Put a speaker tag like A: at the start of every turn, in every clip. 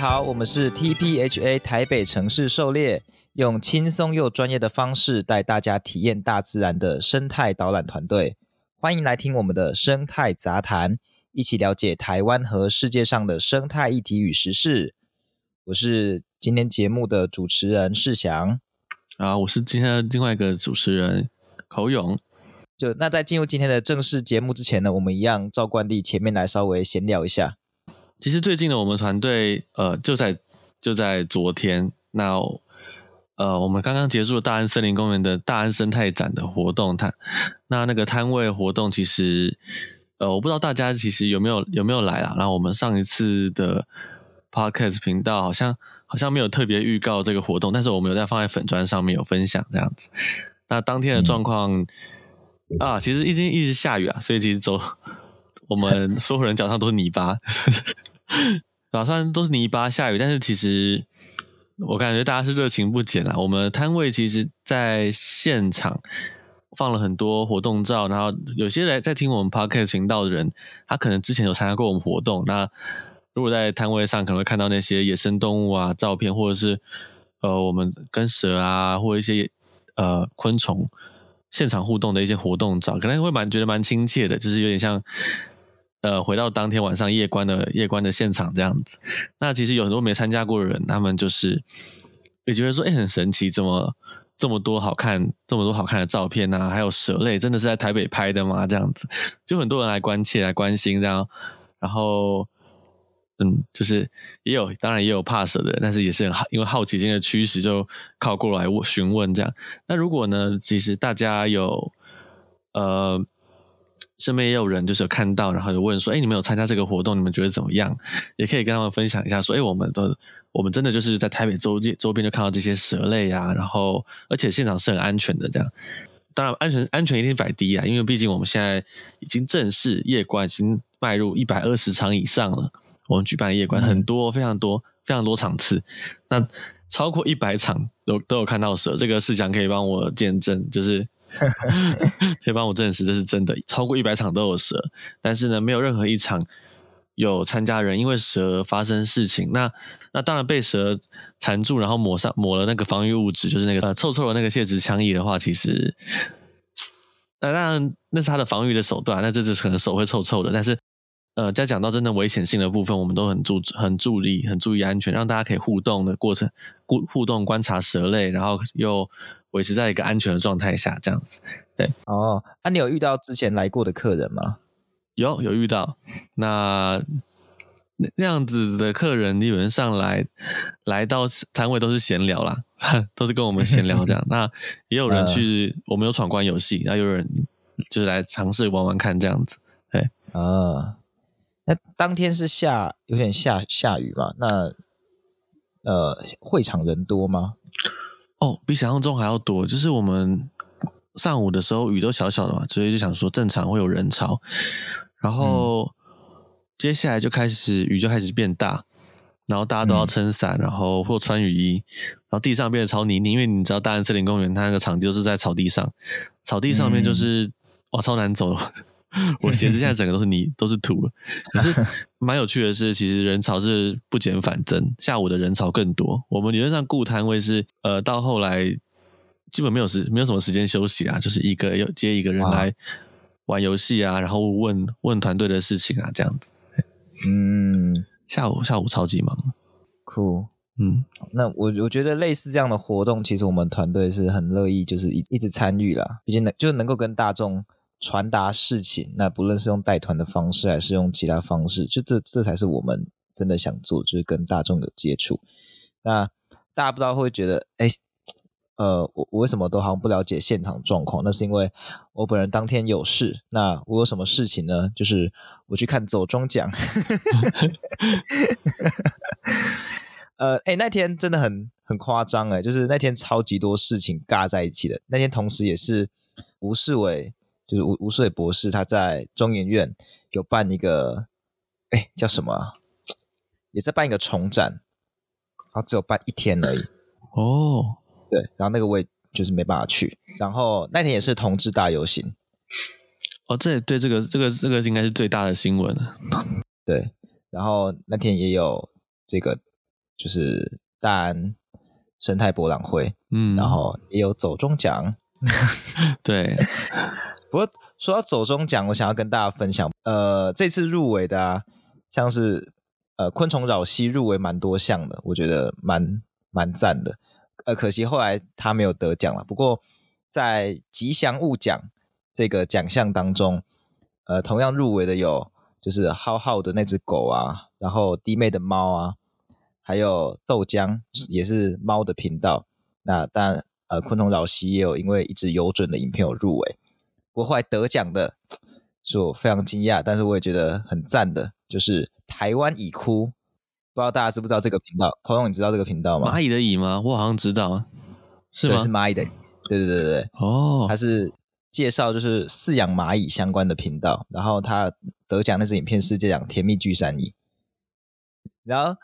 A: 好，我們是 TPHA 台北城市狩獵，用輕鬆又專業的方式帶大家體驗大自然的生態導覽團隊。歡迎來聽我們的生態雜談，一起了解台灣和世界上的生態議題與時事。我是今天節目的主持人世祥，啊，我是今天另外一個主持人侯勇。就那在進入今天的正式節目之前呢，我們一樣照慣例前面來稍微閒聊一下。
B: 其實最近呢，我們團隊呃就在就在昨天，那呃我們剛剛結束了大安森林公園的大安生態展的活動，他那那個攤位活動其實呃我不知道大家其實有沒有有沒有來啦。然後我們上一次的 podcast 頻道好像好像沒有特別預告這個活動，但是我們有在放在粉專上面有分享這樣子。那當天的狀況、嗯、啊，其實一直一直下雨了、啊，所以其實走我們所有人腳上都是泥巴。 早 上都是泥巴，下雨，但是其實我感覺大家是熱情不減啦、啊。我們攤位其實，在現場放了很多活動照，然後有些人在聽我們 Podcast 頻道的人，他可能之前有參加過我們活動，那如果在攤位上可能會看到那些野生動物啊照片，或者是呃，我們跟蛇啊，或一些呃昆蟲現場互動的一些活動照，可能會蠻覺得蠻親切的，就是有點像。呃，回到當天晚上夜觀的夜觀的現場這樣子，那其實有很多沒參加過的人，他們就是也覺得說，哎，很神奇，怎麼這麼多好看，這麼多好看的照片啊，還有蛇類，真的是在台北拍的嗎？這樣子，就很多人來關切，來關心這樣，然後，嗯，就是也有，當然也有怕蛇的人，但是也是很因為好奇心的驅使，就靠過來問詢問這樣。那如果呢，其實大家有呃。身邊也有人就是有看到，然後就問說：“哎、欸，你們有參加這個活動？你們覺得怎麼樣？”也可以跟他們分享一下說：“哎、欸，我們都我們真的就是在台北周周邊就看到這些蛇類啊，然後而且現場是很安全的，這樣。當然安全安全一定擺第一啊，因為畢竟我們現在已經正式夜觀，已經邁入一百二十場以上了。我們舉辦夜觀、嗯、很多非常多非常多場次，那超過一百場都都有看到蛇，這個事講可以幫我見證，就是。”可 以幫我證實這是真的，超過一百場都有蛇，但是呢，沒有任何一場有參加人因為蛇發生事情。那那當然被蛇纏住，然後抹上抹了那個防御物質，就是那個呃臭臭的那個洩殖腔液的話，其實那當然那,那是它的防御的手段。那這就是可能手會臭臭的，但是呃，在講到真的危險性的部分，我們都很注很注意很注意安全，讓大家可以互動的過程，互互動觀察蛇類，然後又。維持在一個安全的狀態下，這樣子，對。
A: 哦，那、啊、你有遇到之前來過的客人嗎？
B: 有，有遇到。那那那樣子的客人，你有人上來來到攤位都是閒聊啦，都是跟我們閒聊這樣。 那也有人去，呃、我們有闖關遊戲，然後有人就是來
A: 嘗試玩玩看這樣子，對。啊、呃，那當天是下有點下下雨吧？那呃，會場人多嗎？
B: 哦，比想象中還要多。就是我們上午的時候雨都小小的嘛，所以就想說正常會有人潮。然後接下來就開始雨就開始變大，然後大家都要撐傘，嗯、然後或穿雨衣，然後地上變得超泥濘。因為你知道大安森林公園它那個場地就是在草地上，草地上面就是、嗯、哇超難走。 我鞋子現在整個都是泥，都是土了。可是蠻有趣的是，其實人潮是不減反增，下午的人潮更多。我們理論上顧攤位是，呃，到後來基本沒有時，沒有什麼時間休息啊，就是一個又接一個人來玩遊戲啊，然後問問團隊的事情啊，這樣子。嗯，
A: 下午
B: 下午超級忙。
A: Cool。嗯，那我我覺得類似這樣的活動，其實我們團隊是很樂意，就是一一直參與啦。畢竟就能夠跟大眾。傳達事情，那不論是用帶團的方式，還是用其他方式，就這這才是我們真的想做，就是跟大眾有接觸。那大家不知道會覺得，誒、欸、呃，我我為什麼都好像不了解現場狀況？那是因為我本人當天有事。那我有什麼事情呢？就是我去看走中獎。 呃，誒、欸，那天真的很很誇張誒，就是那天超級多事情尬在一起的。那天同時也是吳世偉。就是吳吳水博士，他在中研院有辦一個，哎、欸，叫什麼？也在辦一個重展，然後只有辦一天而已。哦，對，然後那個位就是沒辦法去。然後那天也是同志大遊行。
B: 哦，這對，對這個這個這個應該是最大的新聞，嗯、
A: 對，然後那天也有這個，就是大安生態博覽會，
B: 嗯，然後
A: 也有走中獎。 對。不過說到走鐘獎，我想要跟大家分享，呃，這次入圍的啊，像是呃昆蟲擾西入圍蠻多項的，我覺得蠻蠻讚的，呃，可惜後來他沒有得獎了。不過在吉祥物獎這個獎項當中，呃，同樣入圍的有就是浩浩的那只狗啊，然後滴妹的貓啊，還有豆漿也是貓的頻道。那但呃昆蟲擾西也有因為一直有準的影片有入圍，我過後來得獎的，所以我非常驚訝，但是我也覺得很讚的，就是台灣蟻窟，不知道大家知不知道這個頻道？孔勇，你知道這個頻道嗎？螞蟻的蟻嗎？我好像知道，是嗎？是螞蟻的蟻，對對對對對。哦，它是介紹就是飼養螞蟻相關的頻道，然後它得獎那支影片是這樣甜蜜巨山蟻，然後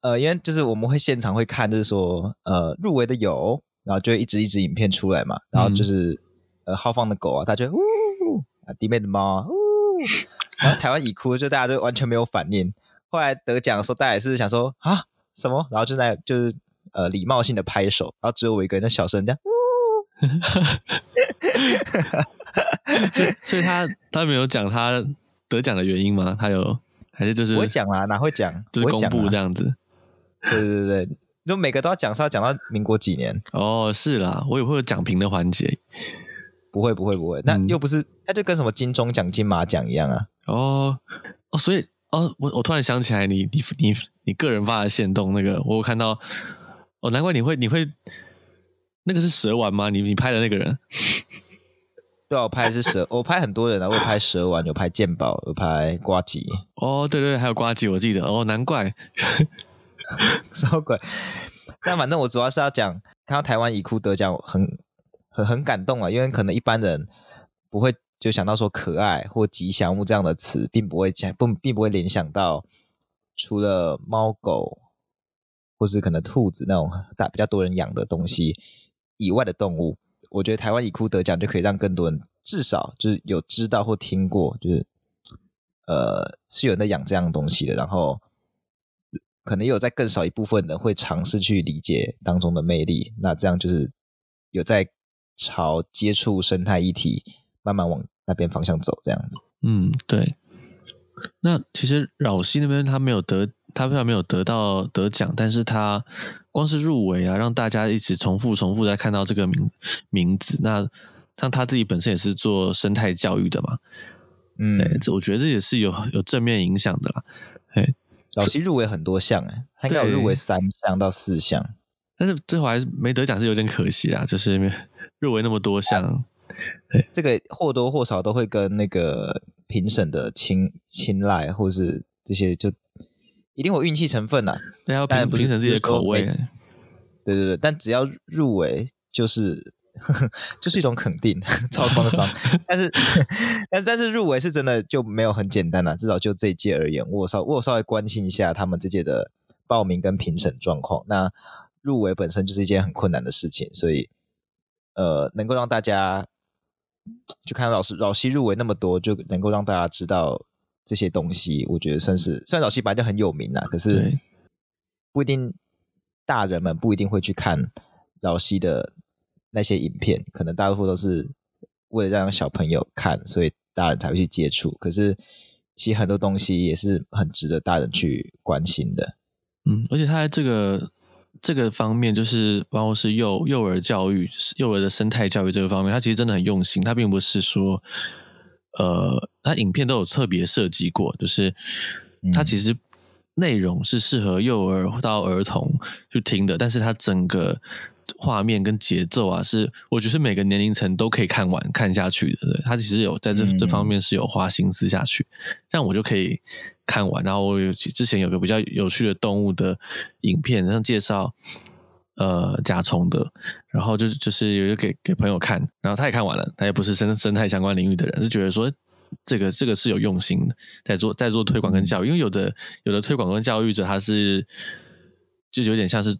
A: 呃，因為就是我們會現場會看，就是說呃入圍的有，然後就會一直一直影片出來嘛，然後就是。嗯呃，好放的狗啊，他就嗚啊，弟妹的貓嗚、啊，然後台灣已哭，就大家就完全沒有反應。後來得獎的時候，大家也是想說啊什麼，然後就在就是呃禮貌性的拍手，然後只有我一個人小聲這樣嗚。 所以，所以他他沒有講他得獎的原因嗎？他有還是就是不會講啦，哪會講？就是公布這樣子。對對對對，就每個都要講，是要講到民國幾年？哦，是啦，我也會有講評的環節。不會不會不會，那又不是，那就跟什麼金鐘獎、金馬獎一樣啊！哦
B: 哦，所以哦，我我突然想起來你，你你你你個人發的限動那個，我有看到哦，難怪你會你會
A: 那個是蛇丸嗎？你你拍的那個人？對、啊、我拍的是蛇，我、 哦、拍很多人啊，我拍蛇丸，有拍鑑寶，有拍呱吉。
B: 哦，對對，還有呱吉，我記得哦，難
A: 怪，什 麼鬼？但反正我主要是要講，看到台灣以哭得獎很。很很感動啊，因為可能一般人不會就想到說可愛或吉祥物這樣的詞，並不會講，不並不會聯想到除了貓狗或是可能兔子那種大比較多人養的東西以外的動物。我覺得台灣以哭得獎就可以讓更多人至少就是有知道或聽過，就是呃是有人在養這樣的東西的，然後可能也有在更少一部分人會嘗試去理解當中的魅力。那這樣就是有在，朝接觸生態議題，慢慢往那邊方向走，這樣子。嗯，對。
B: 那其實老師那邊他沒有得，他雖然沒有得到得獎，但是他光是入圍啊，讓大家一直重複重複再看到這個名名字。那像他自己本身也是做生態教育的嘛，
A: 嗯，
B: 這我覺得這也是有有正面影響的啦。哎，老師
A: 入圍很多項誒，他應該有入圍三項到四項，
B: 但是最後還是沒得獎，是有點可惜啊。就是。入圍那麼多項，
A: 啊啊，這個或多或少都會跟那個評審的青青睞，青或是這些就一定有運氣成分吶，啊。對，評當然不但評審自己的口味，欸。對對對，但只要入圍就是 就是一種肯定， 超光的光方 但是但 但是入圍是真的就沒有很簡單了，啊，至少就這一屆而言，我稍我稍微關心一下他們這屆的報名跟評審狀況。那入圍本身就是一件很困難的事情，所以。呃，能夠讓大家，就看老師老師入圍那麼多，就能夠讓大家知道這些東西。我覺得算是，雖然老師本來就很有名啦，可是不一定大人們不一定會去看老師的那些影片，可能大部分都是為了讓小朋友看，所以大人才會去接觸。可是其實很多東西也是很值得大人去關心的。
B: 嗯，而且他的這個。這個方面就是，包括是幼幼兒教育、就是、幼兒的生態教育這個方面，它其實真的很用心。它並不是說，呃，它影片都有特別設計過，就是它其實內容是適合幼兒到兒童去聽的，嗯、但是它整個畫面跟節奏啊是，是我覺得是每個年齡層都可以看完看下去的對對。它其實有在這、嗯、這方面是有花心思下去，這樣我就可以。看完，然後我有之前有個比較有趣的動物的影片，像介紹呃甲蟲的，然後就就是有給給朋友看，然後他也看完了，他也不是生生態相關領域的人，就覺得說，這個這個是有用心的，在做在做推廣跟教育，因為有的有的推廣跟教育者他是就有點像是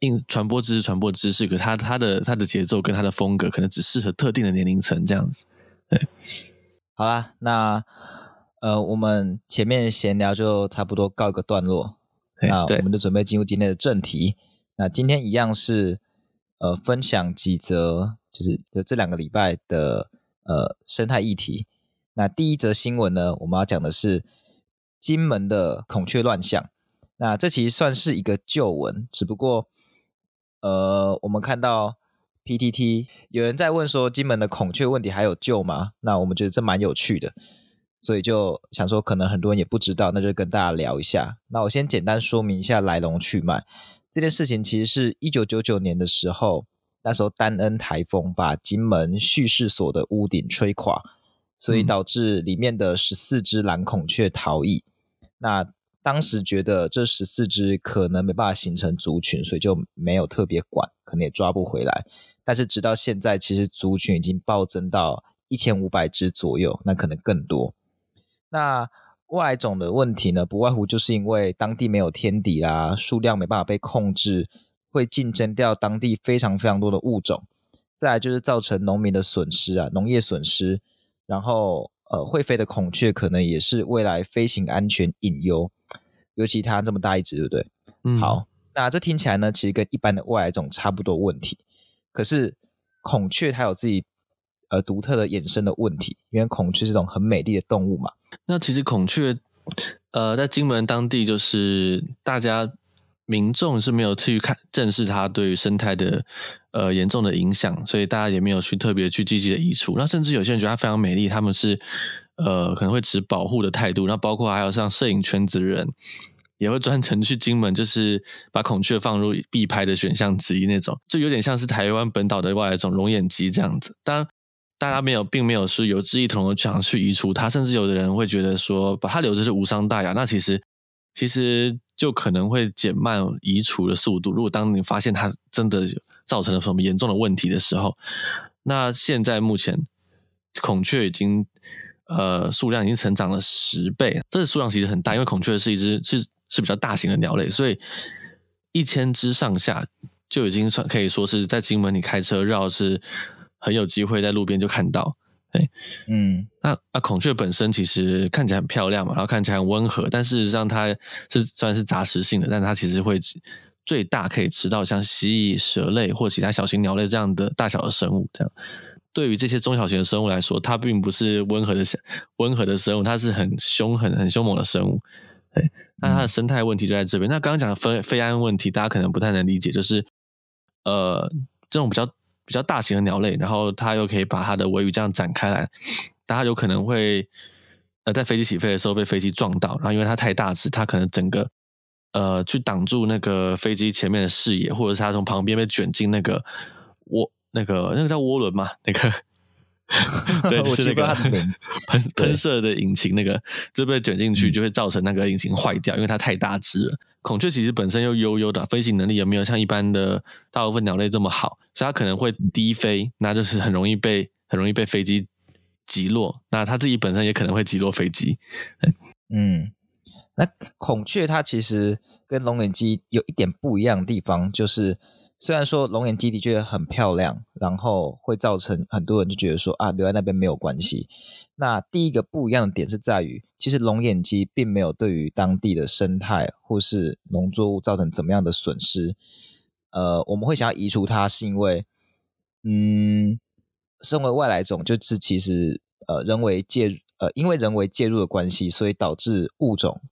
B: 硬傳播知識、傳播知識，可他他的他的節奏跟他的風格可能只適合特定的年齡層這樣子。對，
A: 好了啊，那。呃，我們前面閒聊就差不多告一個段落，那我們就準備進入今天的正題。那今天一樣是呃分享幾則，就是就這兩個禮拜的呃生態議題。那第一則新聞呢，我們要講的是金門的孔雀亂象。那這其實算是一個舊聞，只不過呃，我們看到 PTT 有人在問說，金門的孔雀問題還有救嗎？那我們覺得這蠻有趣的。所以就想說，可能很多人也不知道，那就跟大家聊一下。那我先簡單說明一下來龍去脈。這件事情其實是一九九九年的時候，那時候丹恩台風把金門畜試所的屋頂吹垮，所以導致裡面的十四隻藍孔雀逃逸。嗯、那當時覺得這十四隻可能沒辦法形成族群，所以就沒有特別管，可能也抓不回來。但是直到現在，其實族群已經暴增到一千五百隻左右，那可能更多。那外來種的問題呢，不外乎就是因為當地沒有天敵啦，數量沒辦法被控制，會競爭掉當地非常非常多的物種。再來就是造成農民的損失啊，農業損失。然後，呃，會飛的孔雀可能也是未來飛行安全隱憂，尤其它這麼大一隻，對不對？嗯，好，那這聽起來呢，其實跟一般的外來種差不多問題。可是孔雀它有自己呃獨特的衍生的問題，因為孔雀是一種很美麗的動物嘛。
B: 那其實孔雀，呃，在金門當地就是大家民眾是沒有去看正視它對於生態的呃嚴重的影響，所以大家也沒有去特別去積極的移除。那甚至有些人覺得它非常美麗，他們是呃可能會持保護的態度。那包括還有像攝影圈子的人，也會專程去金門，就是把孔雀放入必拍的選項之一那種，就有點像是台灣本島的外來種龍眼雞這樣子。當然。大家沒有，並沒有說有志一同的想去移除它，甚至有的人會覺得說把它留着是無傷大雅。那其實，其實就可能會減慢移除的速度。如果當你發現它真的造成了什麼嚴重的問題的時候，那現在目前孔雀已經呃數量已經成長了十倍，這個數量其實很大，因為孔雀是一只是是比較大型的鳥類，所以一千只上下就已經算可以說是在金門你開車繞是。很有機會在路邊就看到，對，嗯，那那、啊、孔雀本身其實看起來很漂亮嘛，然後看起來很溫和，但是事實上它是算是雜食性的，但它其實會最大可以吃到像蜥蜴、蛇類或其他小型鳥類這樣的大小的生物。這樣，對於這些中小型的生物來說，它並不是溫和的、溫和的生物，它是很兇狠、很兇猛的生物。誒那它的生態問題就在這邊、嗯。那剛剛講的飛、飛安問題，大家可能不太能理解，就是呃，這種比較。比較大型的鳥類，然後它又可以把它的尾羽這樣展開來，它有可能會呃在飛機起飛的時候被飛機撞到，然後因為它太大只，它可能整個呃去擋住那個飛機前面的視野，或者是它從旁邊被捲進那個渦那個那個叫渦輪嘛，那個
A: 對，就 是那個
B: 噴噴射的引擎，那個就被捲進去就會造成那個引擎壞掉，嗯，因為它太大只了。孔雀其實本身又悠悠的飛行能力也沒有像一般的大部分鳥類這麼好。所以它可能會低飛，那就是很容易被很容易被飛機擊落。那他自己本身也可能會擊落飛機。
A: 嗯，那孔雀它其實跟龍眼雞有一點不一樣的地方，就是雖然說龍眼雞的確很漂亮，然後會造成很多人就覺得說啊留在那邊沒有關係。那第一個不一樣的點是在於，其實龍眼雞並沒有對於當地的生態或是農作物造成怎麼樣的損失。呃，我們會想要移除它，是因為，嗯，身為外來種，就是其實呃人為介入，呃因為人為介入的關係，所以導致物種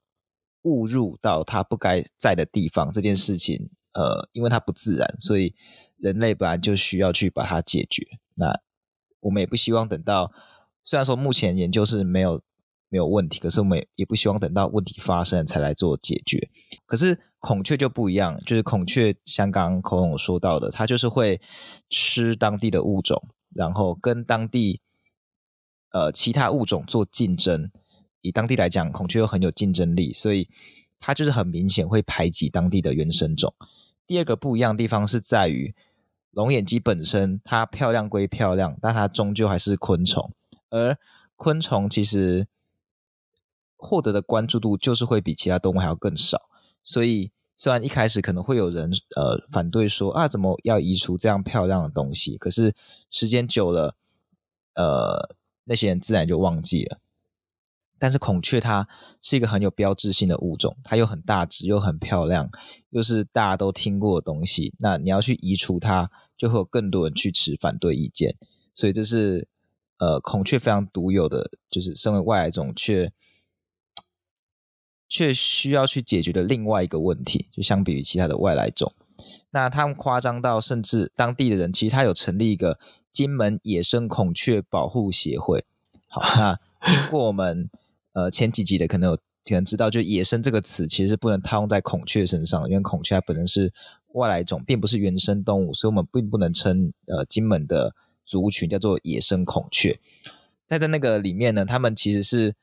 A: 誤入到它不該在的地方這件事情，呃因為它不自然，所以人類本來就需要去把它解決。那我們也不希望等到，雖然說目前研究是沒有沒有問題，可是我們也不希望等到問題發生才來做解決。可是。孔雀就不一樣，就是孔雀，像剛剛口紅說到的，它就是會吃當地的物種，然後跟當地呃其他物種做競爭。以當地來講，孔雀又很有競爭力，所以它就是很明顯會排擠當地的原生種。第二個不一樣的地方是在於，龍眼雞本身它漂亮歸漂亮，但它終究還是昆蟲，而昆蟲其實獲得的關注度就是會比其他動物還要更少。所以，雖然一開始可能會有人呃反對說啊，怎麼要移除這樣漂亮的東西？可是時間久了，呃，那些人自然就忘記了。但是孔雀它是一個很有標誌性的物種，它又很大只，又很漂亮，又是大家都聽過的東西。那你要去移除它，就會有更多人去持反對意見。所以這是呃孔雀非常獨有的，就是身為外來種卻。卻卻需要去解決的另外一個問題，就相比於其他的外來種，那他們誇張到甚至當地的人，其實他有成立一個金門野生孔雀保護協會。好，那聽過我們 呃前幾集的可能有可能知道，就“野生”這個詞其實不能套用在孔雀身上，因為孔雀它本身是外來種，並不是原生動物，所以我們並不能稱呃金門的族群叫做野生孔雀。但在那個裡面呢，他們其實是。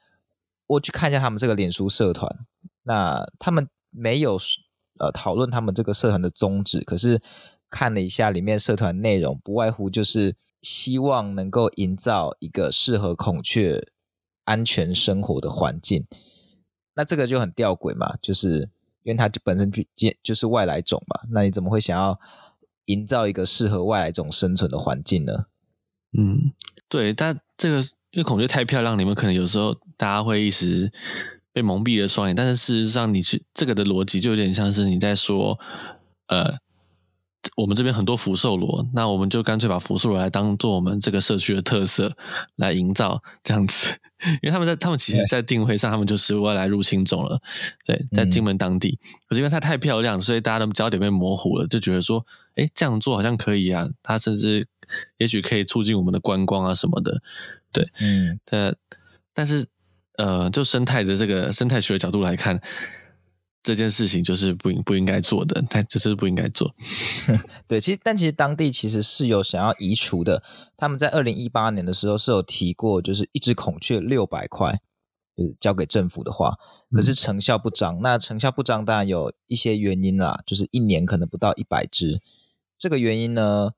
A: 我去看一下他們這個臉書社團，那他們沒有呃討論他們這個社團的宗旨，可是看了一下裡面社團內容，不外乎就是希望能夠營造一個適合孔雀安全生活的環境。那這個就很吊詭嘛，就是因為它就本身就就是外來種嘛，那你怎麼會想要營造一個適合外來種生存的環境呢？嗯，
B: 對，但這個因為孔雀太漂亮，你們可能有時候。大家會一時被蒙蔽了雙眼，但是事實上，你去這個的邏輯就有點像是你在說，呃，我們這邊很多福壽螺，那我們就乾脆把福壽螺來當做我們這個社區的特色來營造這樣子，因為他們在他們其實在定位上，他們就是外來入侵種了，對，在金門當地，嗯，可是因為它太漂亮，所以大家的焦點被模糊了，就覺得說，哎，這樣做好像可以啊，它甚至也許可以促進我們的觀光啊什麼的，對，嗯，對、呃，但是。呃，就生態的這個生態學的角度來看，這件事
A: 情就是不應不應該做的，但就是不應該做。 對，其實但其實當地其實是有想要移除的，他們在二零一八年的時候是有提過，就是一隻孔雀六百塊，就是交給政府的話，可是成效不彰，嗯。那成效不彰當然有一些原因啦，就是一年可能不到一百隻，這個原因呢。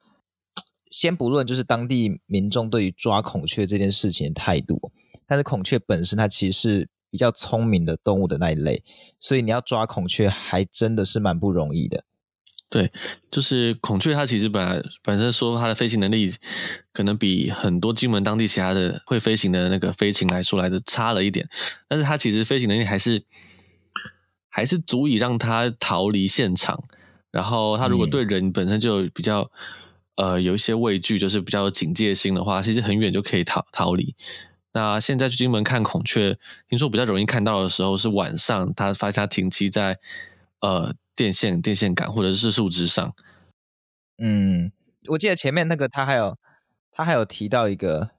A: 先不論就是當地民眾對於抓孔雀這件事情的態度，但是孔雀本身它其實是比較聰明的動物的那一類，所以你要抓孔雀還真的是蠻不容易的。
B: 對，就是孔雀它其實本來本身說它的飛行能力可能比很多金門當地其他的會飛行的那個飛禽來說來的差了一點，但是它其實飛行能力還是還是足以讓它逃離現場。然後它如果對人本身就比較、嗯。呃，有一些畏懼，就是比較有警戒心的話，其實很遠就可以逃逃離。那現在去金門看孔雀，聽說比較容易看到的時候是晚上，它發現它停棲在呃電線、電線桿或者是樹枝上。
A: 嗯，我記得前面那個他還有他還有提到一個，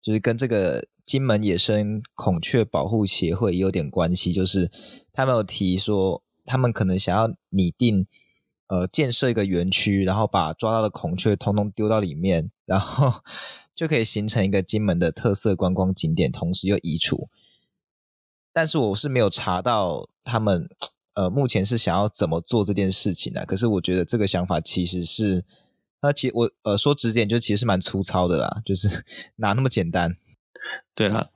A: 就是跟這個金門野生孔雀保護協會有點關係，就是他們有提說他們可能想要擬定。呃，建設一個園區，然後把抓到的孔雀統統丟到裡面，然後就可以形成一個金門的特色觀光景點，同時又移除。但是我是沒有查到他們，呃，目前是想要怎麼做這件事情呢？可是我覺得這個想法其實是，那其實我呃說直點，就其實是蠻粗糙的啦，就是哪那麼簡單？對啊，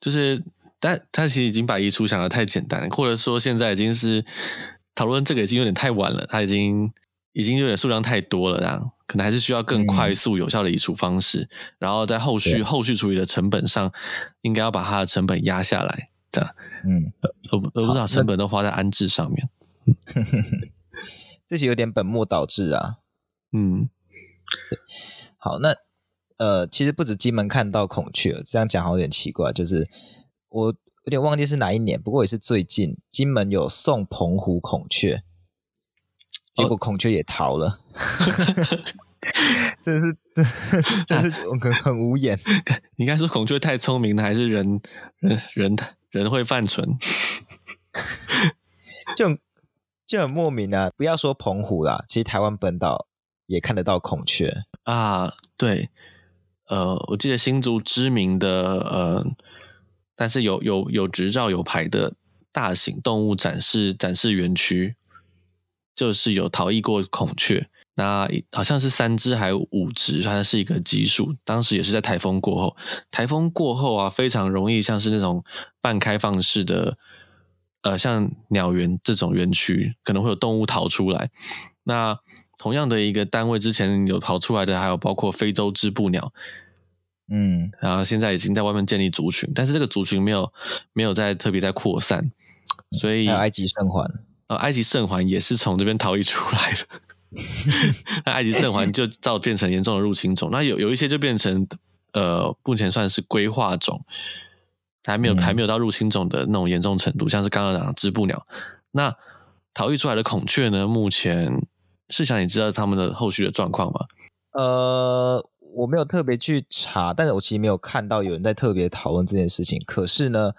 B: 就是但他其實已經把移除想得太簡單了，或者說現在已經是。討論這個已經有點太晚了，它已經已經有點數量太多了這樣，啊可能還是需要更快速有效的移除方式。嗯、然後在後續後續處理的成本上，應該要把它的成本壓下來，這樣。嗯，而而不是把成本都花在安置上面。
A: 這些有點本末倒置啊。嗯。好，那呃，其實不止金門看到孔雀，這樣講好有點奇怪，就是我。有點忘記是哪一年，不過也是最近，金門有送澎湖孔雀，結果孔雀也逃了，Oh. 真是真是真是很很無言。應、啊、該說孔雀太聰明了，還是人
B: 人人人會
A: 犯蠢？ 就就很莫名啊！不要說澎湖啦，其實台灣本島也看得到孔雀
B: 啊。Uh, 對，呃，我記得新竹知名的呃。但是有有有執照有牌的大型動物展示展示園區，就是有逃逸過孔雀，那好像是三只還有五只，它是一個奇數。當時也是在台風過後，台風過後啊，非常容易像是那種半開放式的，呃，像鳥園這種園區可能會有動物逃出來。那同樣的一個單位之前有逃出來的，還有包括非洲織布鳥。嗯，然後現在已經在外面建立族群，但是這個族群沒有沒有在特別在擴散，所以埃及聖鹮、呃、埃及聖鹮也是從這邊逃逸出來的。那 埃及聖鹮就造變成嚴重的入侵種，那有有一些就變成呃目前算是歸化種，還沒有、嗯、還沒有到入侵種的那種嚴重程度，像是剛剛講的織布鳥。那逃逸出來的孔雀呢？目前是想你知道他們的後續的狀況嗎？
A: 呃。我沒有特別去查，但是我其實沒有看到有人在特別討論這件事情。可是呢，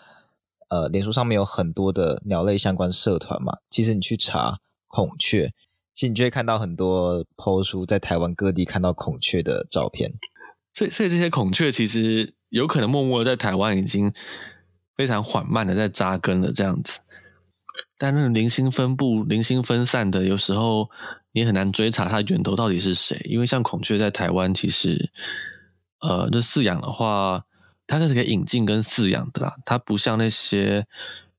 A: 呃，臉書上面有很多的鳥類相關社團嘛，其實你去查孔雀，其實你就會看到很多 PO 書，在台灣各地看到孔雀的照片。
B: 所以，所以這些孔雀其實有可能默默的在台灣已經非常緩慢的在扎根了，這樣子。但那種零星分布、零星分散的，有時候。也很難追查它源頭到底是誰，因為像孔雀在台灣，其實呃，這飼養的話，它是可以引進跟飼養的啦。它不像那些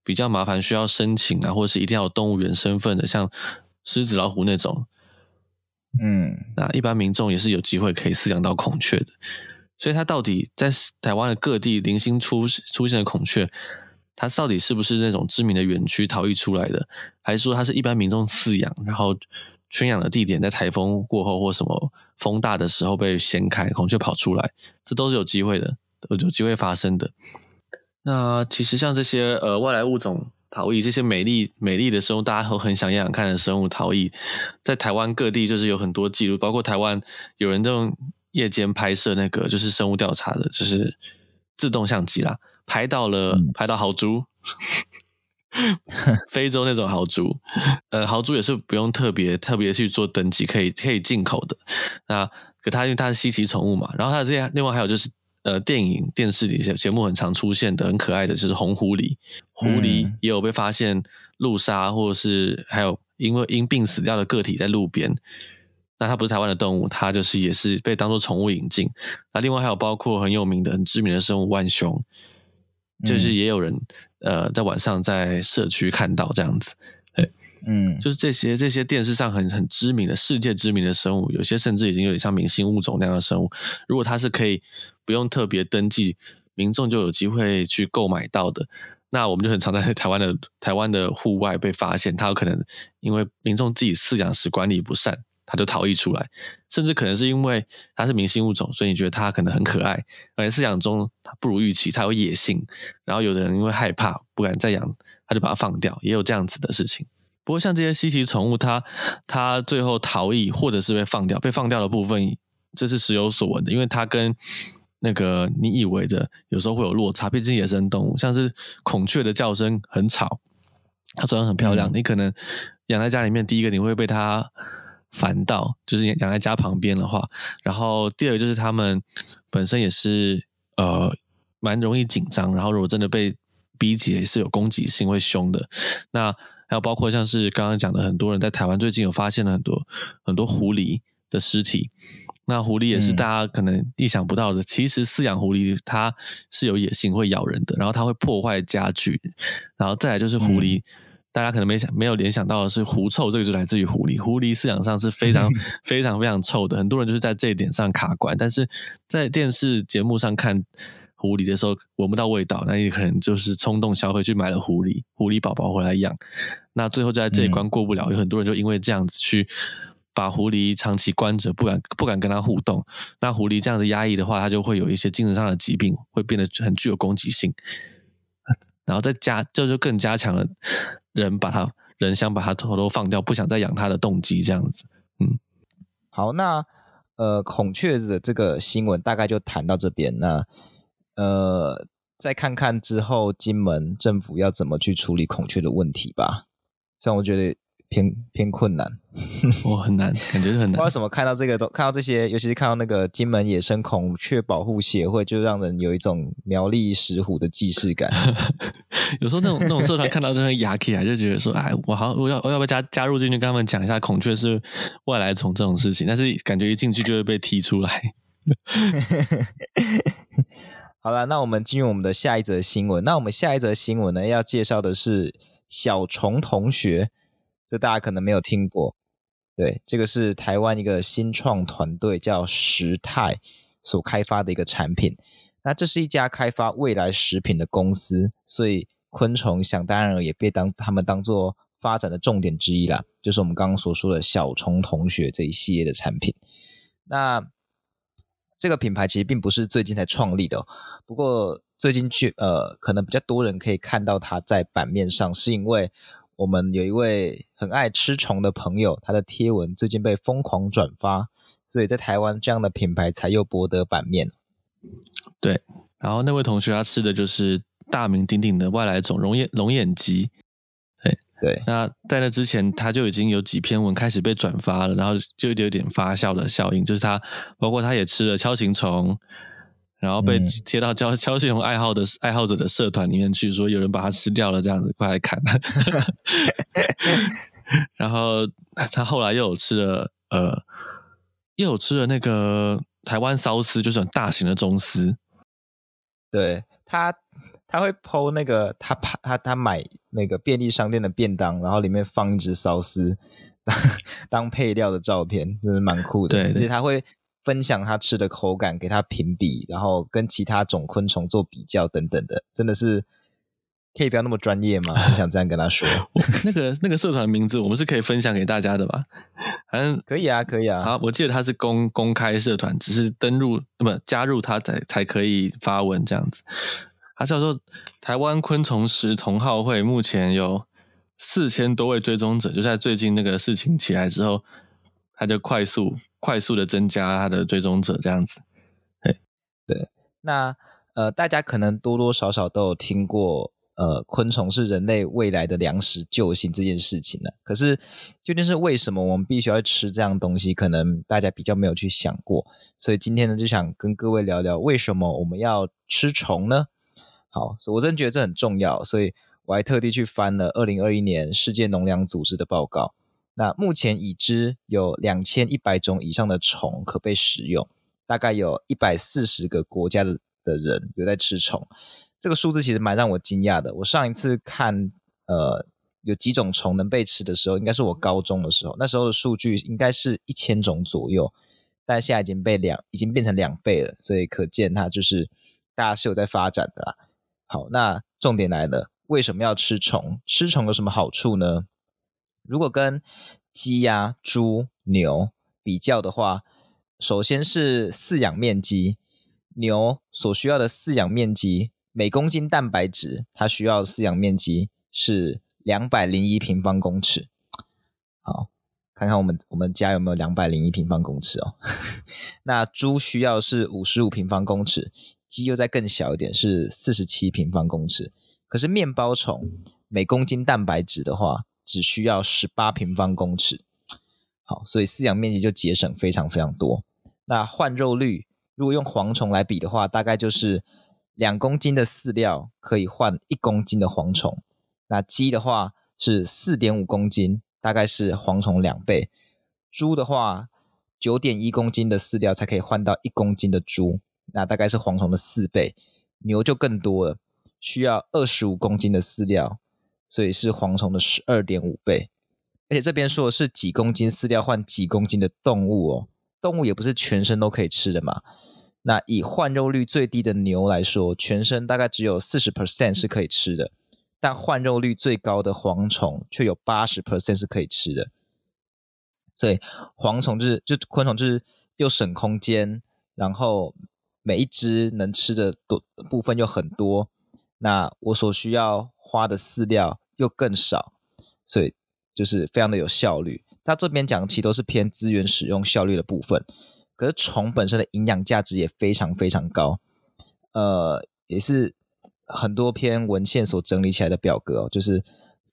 B: 比較麻煩需要申請啊，或者是一定要有動物園身份的，像獅子、老虎那種。嗯，那一般民眾也是有機會可以飼養到孔雀的。所以，它到底在台灣的各地零星出出現的孔雀，它到底是不是那種知名的園區逃逸出來的，還是說它是一般民眾飼養，然後？圈養的地點在台風過後或什麼風大的時候被掀開，孔雀跑出來，這都是有機會的，都有機會發生的。那其實像這些呃外來物種逃逸，這些美麗美麗的生物，大家都很想養養看的生物逃逸，在台灣各地就是有很多記錄，包括台灣有人用夜間拍攝那個就是生物調查的，就是自動相機啦，拍到了，嗯、拍到豪豬。 非洲那種豪豬，呃，豪豬也是不用特別特別去做登記，可以可以進口的。那可它因為它是稀奇寵物嘛，然後它這樣另外還有就是，呃，電影、電視裡節節目很常出現的、很可愛的，就是紅狐狸，狐狸也有被發現路殺，或者是還有因為因病死掉的個體在路邊。那它不是台灣的動物，它就是也是被當做寵物引進。那另外還有包括很有名的、很知名的生物——浣熊。就是也有人、嗯、呃、在晚上在社區看到這樣子，對，嗯，就是這些這些電視上很很知名的世界知名的生物，有些甚至已經有點像明星物種那樣的生物，如果它是可以不用特別登記，民眾就有機會去購買到的，那我們就很常在台灣的台灣的戶外被發現，它有可能因為民眾自己飼養時管理不善。它就逃逸出來，甚至可能是因為它是明星物種，所以你覺得它可能很可愛，而且飼養中它不如預期，它有野性。然後有的人因為害怕，不敢再養，他就把它放掉，也有這樣子的事情。不過像這些稀奇寵物，它它最後逃逸，或者是被放掉，被放掉的部分，這是時有所聞的，因為它跟那個你以為的有時候會有落差，畢竟野生動物，像是孔雀的叫聲很吵，它雖然很漂亮，嗯，你可能養在家裡面，第一個你會被它煩到，就是養在家旁邊的話，然後第二個就是他們本身也是呃蠻容易緊張，然後如果真的被逼起來，也是有攻擊性，會凶的。那還有包括像是剛剛講的，很多人在台灣最近有發現了很多很多狐狸的屍體。那狐狸也是大家可能意想不到的，嗯、其實飼養狐狸它是有野性，會咬人的，然後它會破壞家具，然後再來就是狐狸。嗯大家可能沒想、沒有聯想到的是狐臭，這個就來自於狐狸。狐狸飼養上是非常、嗯、非常、非常臭的，很多人就是在這一點上卡關。但是在電視節目上看狐狸的時候，聞不到味道，那你可能就是衝動消費去買了狐狸、狐狸寶寶回來養，那最後就在這一關過不了，有、嗯、很多人就因為這樣子去把狐狸長期關着，不敢、不敢跟它互動。那狐狸這樣子壓抑的話，它就會有一些精神上的疾病，會變得很具有攻擊性。然後再加，這就，就更加強了人把他人想把他偷偷放掉，不想再養他的動機這樣子。嗯，
A: 好，那呃孔雀的這個新聞大概就談到這邊，那呃再看看之後金門政府要怎麼去處理孔雀的問題吧。像我覺得。偏偏困難，我、 哦、很難，感覺是很難。為什麼看到這個都看到這些，尤其是看到那個金門野生孔雀保護協會，就讓人有一種苗栗石虎的既視感。
B: 有時候那種那種社團看到這個牙起來，就覺得說：“哎，我好，我要我要不要加加入進去，跟他們講一下孔雀是外來種這種事情？”但是感覺一進去就會被踢出來。
A: 好啦，那我們進入我們的下一則新聞。那我們下一則新聞呢，要介紹的是小蟲同學。這大家可能沒有聽過，對，這個是台灣一個新創團隊叫石泰所開發的一個產品。那這是一家開發未來食品的公司，所以昆蟲想當然也被當他們當做發展的重點之一啦，就是我們剛剛所說的小蟲同學這一系列的產品。那這個品牌其實並不是最近才創立的哦，不過最近去呃，可能比較多人可以看到它在版面上，是因為。我們有一位很愛吃蟲的朋友，他的貼文最近被瘋狂轉發，所以在台灣這樣的品牌才又博得版面。
B: 對，然後那位同學他吃的就是大名鼎鼎的外來種龍眼龍眼雞。對對，那在那之前他就已經有幾篇文開始被轉發了，然後就有點發酵的效應，就是他包括他也吃了鍬形蟲。然後被貼到交交熊愛好者的愛好者的社團裡面去，說有人把它吃掉了，這樣子，快來砍！ 然後他後來又有吃了，呃，又有吃了那個台灣騷斯，就是很大型的螽斯。對，
A: 他、他會 po 那個他他他買那個便利商店的便當，然後裡面放一隻騷斯當，當配料的照片，真是蠻酷的。對，對，而且他會。分享他吃的口感，給他評比，然後跟其他種昆蟲做比較等等的，真的是可以不要那麼專業嗎？我想這樣跟他說，
B: 那個那個社團的名字，我們是可以分享給大家的吧？反正可以啊，可以啊。好，我記得他是公公開社團，只是登入那麼、呃、加入他才才可以發文這樣子。他叫做台灣昆蟲食同好會，目前有四千多位追蹤者，就在最近那個事情起來之後。他就快速、快速的增加他的追蹤者，這樣子，
A: 對，對。那呃，大家可能多多少少都有聽過，呃，昆蟲是人類未來的糧食救星這件事情呢。可是，究竟是為什麼我們必須要吃這樣東西？可能大家比較沒有去想過。所以今天呢，就想跟各位聊聊，為什麼我們要吃蟲呢？好，所以我真的覺得這很重要，所以我還特地去翻了二零二一年世界農糧組織的報告。那目前已知有兩千一百種以上的蟲可被食用，大概有一百四十個國家的的人有在吃蟲，這個數字其實蠻讓我驚訝的。我上一次看，呃，有幾種蟲能被吃的時候，應該是我高中的時候，那時候的數據應該是一千種左右，但現在已經被兩，已經變成兩倍了，所以可見它就是大家是有在發展的啦。好，那重點來了，為什麼要吃蟲？吃蟲有什麼好處呢？如果跟雞、啊、鴨、豬、牛比較的話，首先是飼養面積，牛所需要的飼養面積每公斤蛋白質，它需要的飼養面積是兩百零一平方公尺。好，看看我們我們家有沒有兩百零一平方公尺哦。 那豬需要是五十五平方公尺，雞又再更小一點，是四十七平方公尺。可是麵包蟲每公斤蛋白質的話，只需要十八平方公尺，好，所以飼養面積就節省非常非常多。那換肉率，如果用蝗蟲來比的話，大概就是兩公斤的飼料可以換一公斤的蝗蟲。那雞的話是四點五公斤，大概是蝗蟲兩倍。豬的話，九點一公斤的飼料才可以換到一公斤的豬，那大概是蝗蟲的四倍。牛就更多了，需要二十五公斤的飼料。所以是蝗蟲的十二點五倍，而且這邊說是幾公斤飼料換幾公斤的動物哦，動物也不是全身都可以吃的嘛。那以換肉率最低的牛來說，全身大概只有四十 percent 是可以吃的，但換肉率最高的蝗蟲卻有八十 percent 是可以吃的。所以蝗蟲就是就昆蟲就是又省空間，然後每一只能吃的多部分又很多。那我所需要花的飼料又更少，所以就是非常的有效率。它這邊講其實都是偏資源使用效率的部分，可是蟲本身的營養價值也非常非常高。呃，也是很多篇文獻所整理起來的表格哦，就是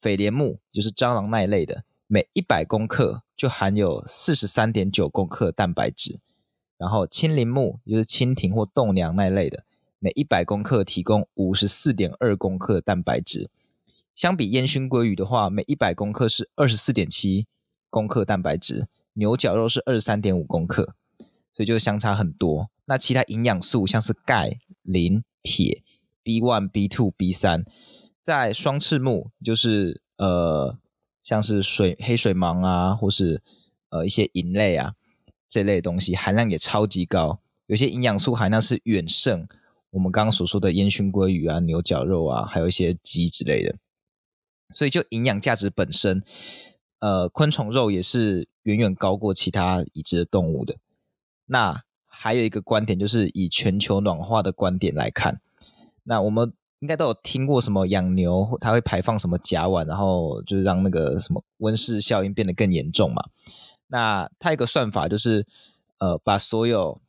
A: 蜚蠊目，就是蟑螂那類的，每一百公克就含有四十三點九公克蛋白質。然後蜻蛉目，就是蜻蜓或豆娘那類的。每一百公克提供五十四點二公克蛋白質，相比煙燻鮭魚的話，每一百公克是二十四點七公克蛋白質，牛絞肉是二十三點五公克，所以就相差很多。那其他營養素像是鈣、磷、鐵、B1、B2、B3，在雙翅目，就是呃像是水黑水虻啊，或是呃一些蠅類啊這類的東西，含量也超級高，有些營養素含量是遠勝。我們剛剛所說的煙燻鮭魚啊、牛絞肉啊，還有一些雞之類的，所以就營養價值本身，呃，昆蟲肉也是遠遠高過其他已知的動物的。那還有一個觀點就是，以全球暖化的觀點來看，那我們應該都有聽過什麼養牛它會排放什麼甲烷，然後就是讓那個什麼溫室效應變得更嚴重嘛。那它有一個算法就是，呃，把所有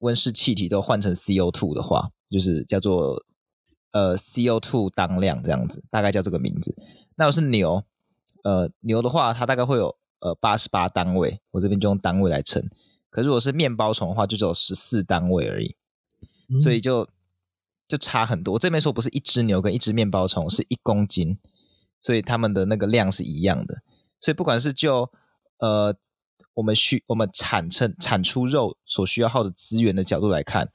A: 溫室氣體都換成 CO2 的話。就是叫做呃 CO2 當量這樣子，大概叫這個名字。那我是牛，呃牛的話，它大概會有呃八十八單位，我這邊就用單位來稱。可如果是麵包蟲的話，就只有十四單位而已，嗯、所以就就差很多。我這邊說不是一隻牛跟一隻麵包蟲，是一公斤，所以他們的那個量是一樣的。所以不管是就呃我們需我們產成產出肉所需要耗的資源的角度來看，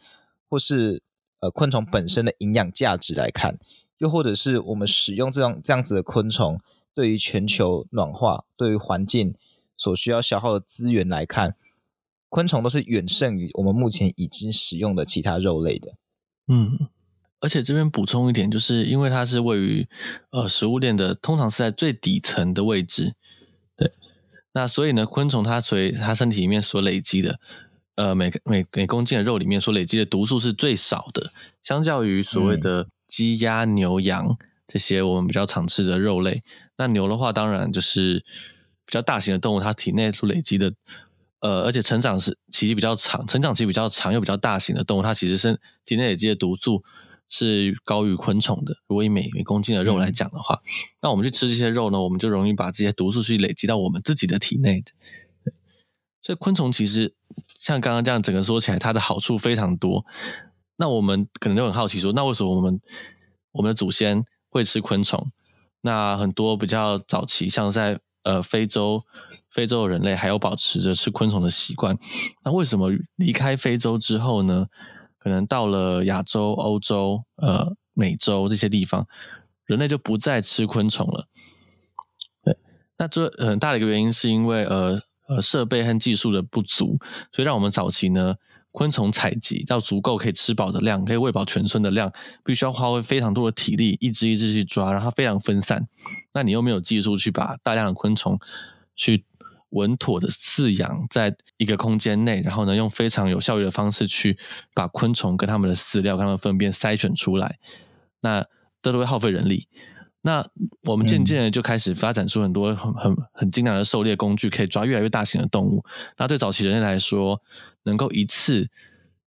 A: 或是呃，昆蟲本身的營養價值來看，又或者是我們使用這樣這樣子的昆蟲，對於全球暖化、對於環境所需要消耗的資源來看，昆蟲都是遠勝於我們目前已經使用的其他肉類的。嗯，而且這邊補充一點，就是
B: 因為它是位於呃食物鏈的，通常是在最底層的位置。對，那所以呢，昆蟲它隨它身體裡面所累積的。呃，每個每每公斤的肉裡面所累積的毒素是最少的，相較於所謂的雞、鴨、嗯、牛、羊這些我們比較常吃的肉類。那牛的話，當然就是比較大型的動物，它體內所累積的，呃，而且成長是其實比較長，成長期比較長又比較大型的動物，它其實是體內累積的毒素是高於昆蟲的。如果以每每公斤的肉來講的話，嗯，那我們去吃這些肉呢，我們就容易把這些毒素去累積到我們自己的體內。所以昆蟲其實。像剛剛這樣，整個說起來，它的好處非常多。那我們可能就很好奇說，說那為什麼我們我們的祖先會吃昆蟲？那很多比較早期，像在呃非洲，非洲人類還有保持着吃昆蟲的習慣。那為什麼離開非洲之後呢？可能到了亞洲、歐洲、呃美洲這些地方，人類就不再吃昆蟲了。對，那這很大的一個原因是因為呃。呃，設備和技術的不足，所以讓我們早期呢，昆蟲採集要足夠可以吃飽的量，可以餵飽全村的量，必須要花費非常多的體力，一隻一隻去抓，然後它非常分散。那你又沒有技術去把大量的昆蟲去穩妥的飼養在一個空間內，然後呢，用非常有效率的方式去把昆蟲跟他們的飼料、跟他們糞便篩選出來，那這都會耗費人力。那我們漸漸的就開始發展出很多很很很精良的狩獵工具，可以抓越來越大型的動物。那對早期人類來說，能夠一次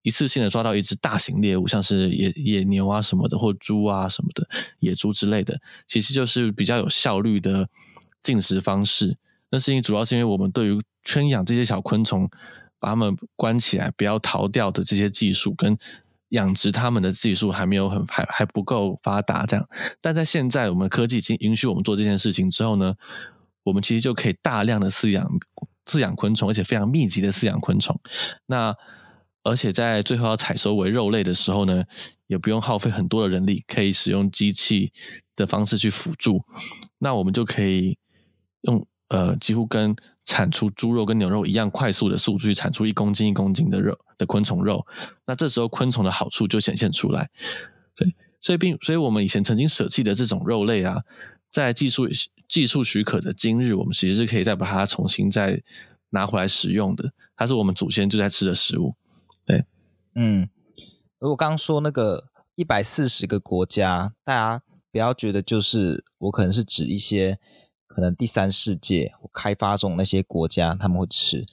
B: 一次性的抓到一隻大型獵物，像是野野牛啊什麼的，或豬啊什麼的，野豬之類的，其實就是比較有效率的進食方式。那是因為主要是因為我們對於圈養這些小昆蟲，把它們關起來，不要逃掉的這些技術跟。養殖他們的技術還沒有很還還不夠發達，這樣，但在現在我們科技已經允許我們做這件事情之後呢，我們其實就可以大量的飼養飼養昆蟲，而且非常密集的飼養昆蟲。那而且在最後要採收為肉類的時候呢，也不用耗費很多的人力，可以使用機器的方式去輔助。那我們就可以用呃幾乎跟。產出豬肉跟牛肉一樣快速的速度去產出一公斤一公斤的肉的昆蟲肉，那這時候昆蟲的好處就顯現出來。對，所以並，所以我們以前曾經捨棄的這種肉類啊，在技術技術許可的今日，我們其實是可以再把它重新再拿回來食用的。它是我們祖先就在吃的食物。
A: 對，嗯。而我剛剛說那個一百四十個國家，大家不要覺得就是我可能是指一些。可能第三世界開發中那些國家他們會吃，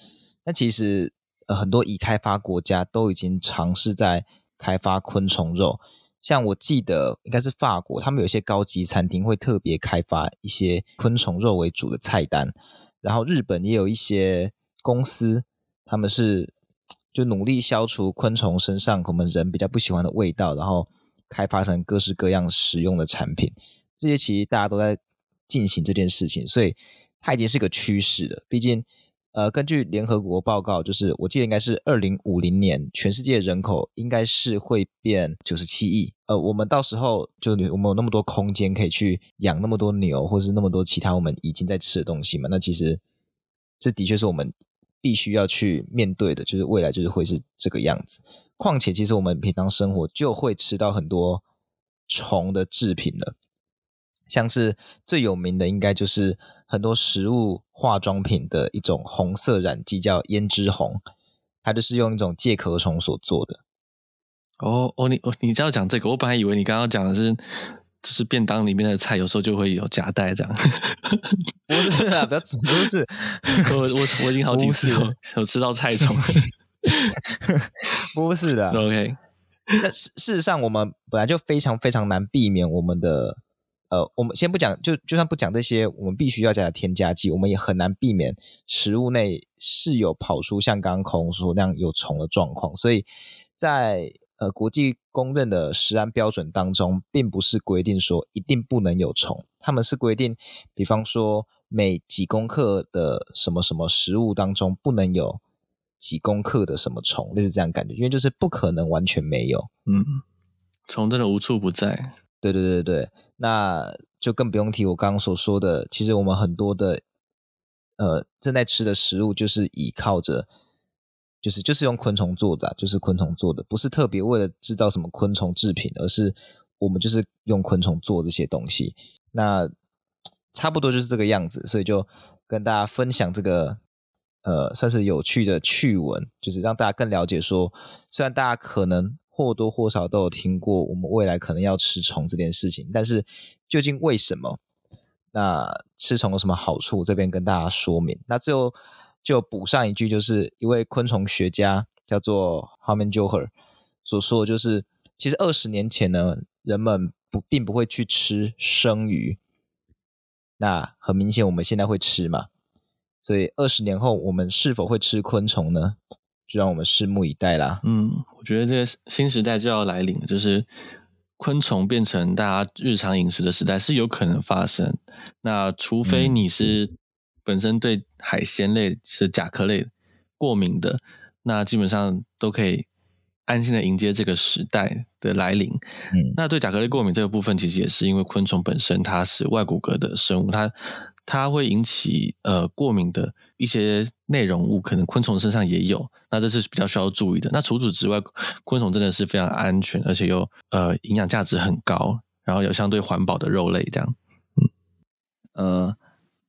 A: 那其實呃很多已開發國家都已經嘗試在開發昆蟲肉，像我記得應該是法國，他們有些高級餐廳會特別開發一些昆蟲肉為主的菜單，然後日本也有一些公司，他們是就努力消除昆蟲身上我們人比較不喜歡的味道，然後開發成各式各樣食用的產品，這些其實大家都在。進行這件事情，所以它已經是個趨勢了。畢竟，呃，根據聯合國報告，就是我記得應該是二零五零年，全世界人口應該是會變九十七億。呃，我們到時候就我們有那麼多空間可以去養那麼多牛，或是那麼多其他我們已經在吃的東西嘛？那其實這的確是我們必須要去面對的，就是未來就是會是這個樣子。況且，其實我們平常生活就會吃到很多蟲的制品了。像是最有名的，應該就是很多食物、化妝品的一種紅色染劑，叫胭脂紅，它就是用一種介殼蟲所做的。
B: 哦哦，你哦，你知道講這個，我本來以為你剛剛講的是，就是便當裡面的菜，有時候就會有夾帶這樣。不是啊， 不要不是。 我我我已經好幾次有，有吃到菜蟲。
A: 不是的，OK。那事事實上，我們本來就非常非常難避免我們的。呃，我們先不講，就就算不講這些，我們必須要加的添加劑，我們也很難避免食物內是有跑出像剛剛口紅說那樣有蟲的狀況。所以在，在呃國際公認的食安標準當中，並不是規定說一定不能有蟲，他們是規定，比方說每幾公克的什麼什麼食物當中不能有幾公克的什麼蟲，類似這樣的感覺，因為就是不可能完全沒有。嗯，蟲真的無處不在。對對對對，對。那就更不用提我剛剛所說的，其實我們很多的，呃，正在吃的食物就是依靠着，就是就是用昆蟲做的啊，就是昆蟲做的，不是特別為了製造什麼昆蟲製品，而是我們就是用昆蟲做這些東西。那差不多就是這個樣子，所以就跟大家分享這個，呃，算是有趣的趣聞，就是讓大家更了解說，雖然大家可能。或多或少都有聽過我們未來可能要吃蟲這件事情，但是究竟為什麼？那吃蟲有什麼好處？這邊跟大家說明。那最後就補上一句，就是一位昆蟲學家叫做 Harman Johar 所說，就是其實二十年前呢，人們不並不會去吃生魚。那很明顯，我們現在會吃嘛，所以二十年後我們是否會吃昆蟲呢？就讓我們拭目以待啦。嗯，
B: 我覺得這個新時代就要來臨，就是昆蟲變成大家日常飲食的時代是有可能發生。那除非你是本身對海鮮類是甲殼類過敏的，那基本上都可以安心的迎接這個時代的來臨。嗯，那對甲殼類過敏這個部分，其實也是因為昆蟲本身它是外骨骼的生物，它。它會引起呃過敏的一些內容物，可能昆蟲身上也有，那這是比較需要注意的。那除此之外，昆蟲真的是非常安全，而且又呃營養價值很高，然後有相對環保的肉類這樣，嗯，
A: 呃。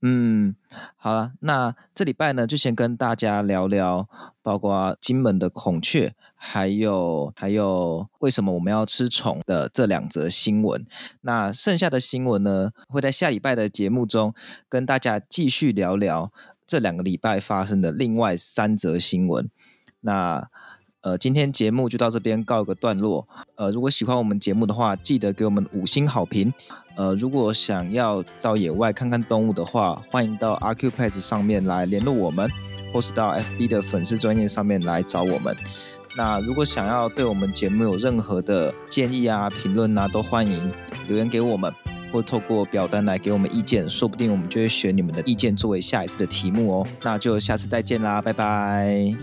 A: 嗯，好了，那這禮拜呢，就先跟大家聊聊，包括金門的孔雀，還有還有為什麼我們要吃蟲的這兩則新聞。那剩下的新聞呢，會在下禮拜的節目中跟大家繼續聊聊這兩個禮拜發生的另外三則新聞。那。呃，今天節目就到這邊告一個段落。呃，如果喜歡我們節目的話，記得給我們五星好評。呃，如果想要到野外看看動物的話，歡迎到 Accupass 上面來聯絡我們，或是到 FB 的粉絲專頁上面來找我們。那如果想要對我們節目有任何的建議啊、評論啊，都歡迎留言給我們，或透過表單來給我們意見，說不定我們就會選你們的意見作為下一次的題目哦。那就下次再見啦，拜拜。